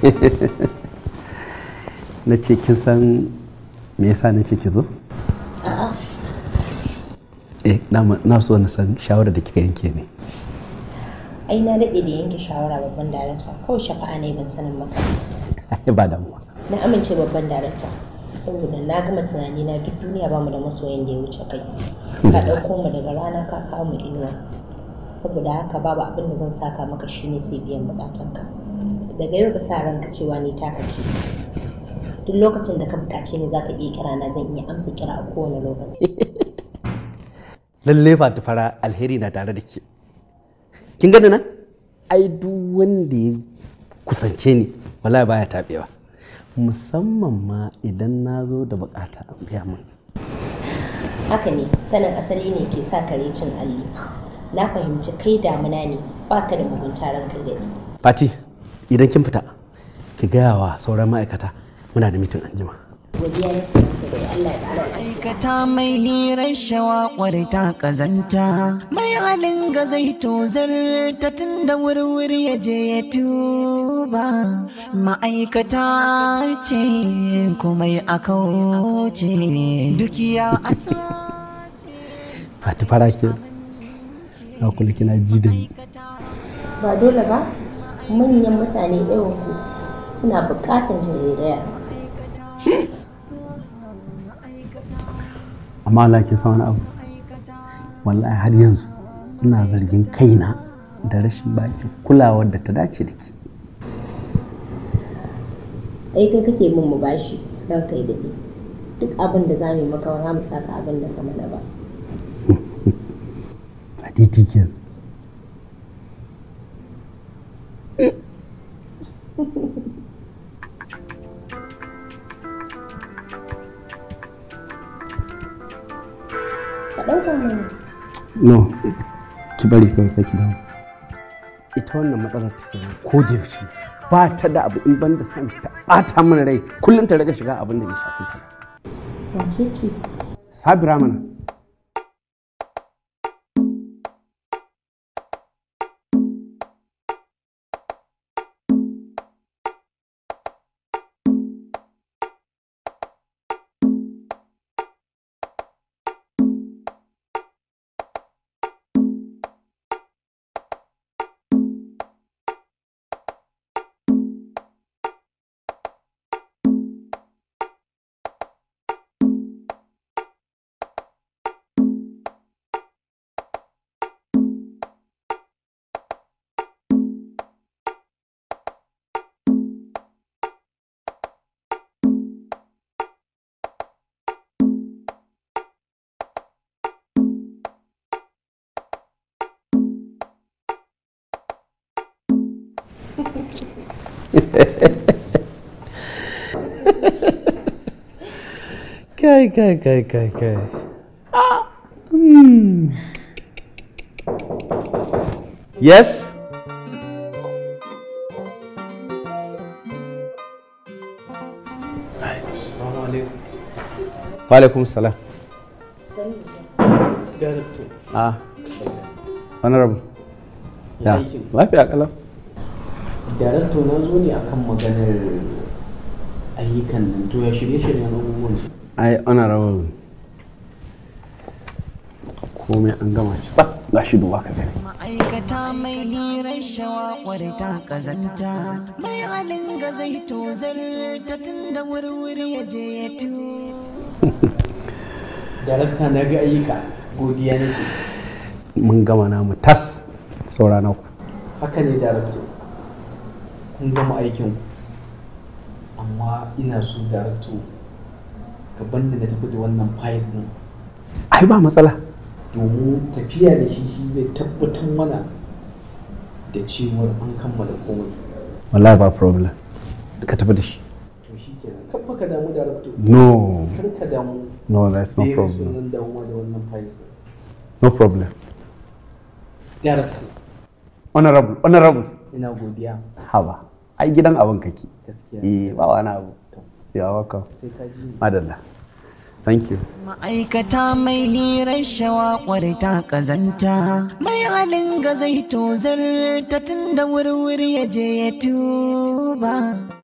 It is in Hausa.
na ce kin san me yasa na ce ki zo? eh na so na san shawara da kika yanke ne ai na daɗe da yanke shawara babban darakta kawai shafa'a ne ban sanin maka ba damuwa na amince babban darakta saboda na gama tunani na duk duniya ba mu da masoyan da ya wuce kai ka ɗauko mu daga rana ka kawo mu inuwa saboda haka babu abin da zan saka maka shine sai biyan bukatanka daga yau ka sa ranka cewa ni ta kace duk lokacin da ka buƙace ni zaka iya kira na zan iya amsa kira a kowane lokaci lalle ba ta fara alheri na tare da ke kin gani nan ai duk wanda ya kusance ni wallahi baya tabewa musamman ma idan na zo da bukata an biya min haka ne sanin asali ne ke sa kare cin alli na fahimci kai damuna ne baka da mugunta da ni fati idan kin fita ki gaya wa sauran ma'aikata muna da mitin anjima aikata mai hirar shawa ta kazanta mai halin ga zai tozar ta tun da wurwuri ya je ya tuba ma'aikata ce kuma a kauce dukiya a fati fara ke na ji da ni ba dole ba manyan mutane irin ku suna buƙatar tarairaya amma Allah ke wani abu wallahi har yanzu ina zargin kaina da rashin baki kulawar da ta dace da ke ai kai kake min mu bashi don kai da duk abin da za mu maka za mu saka abin da ka mana ba a ɗauka mana no ki bari kawai kaki dawo ita wannan matsalar ta kenan ko da yaushe ba ta da abu in banda san ta ɓata mana rai kullum ta raga shiga abin da bai shafi ta wace ce sabira mana Kay, kay, kay, kay, kay. Ah. Mm. Yes? Walaikum salam. Ah. Honorable. Ya. Lafiya Hello. darakto na zo ne akan maganar ayyukan nan to ya shirye na abubuwan su ai rawar komai an gama shi ba ga shi duba ka gani ma'aikata mai hirar kwari ta kazanta mai halin ga zarre ta tun da wurwuri ya je ya tu darakta na ga ayyuka godiya ke. mun gama namu tas saurana ku haka ne darakto kun gama aikin ku amma ina so rato ka banda na tafi da wannan fayis din ai ba matsala domin tafiya da shi shi zai tabbatar mana da cewar an kammala komai wallahi ba problem ka tafi da shi to shi nan, kan ka damu rato no kar ka damu no that's no problem sunan damuwa da wannan fayis din no problem darakto honorable honorable ina godiya haba ai gidan abin kake eh ba wani abu ya waka madalla thank you ma'aikata mai lirar shawa ta kazanta mai halin ga zar ta tunda da wurwuri ya je ya tuba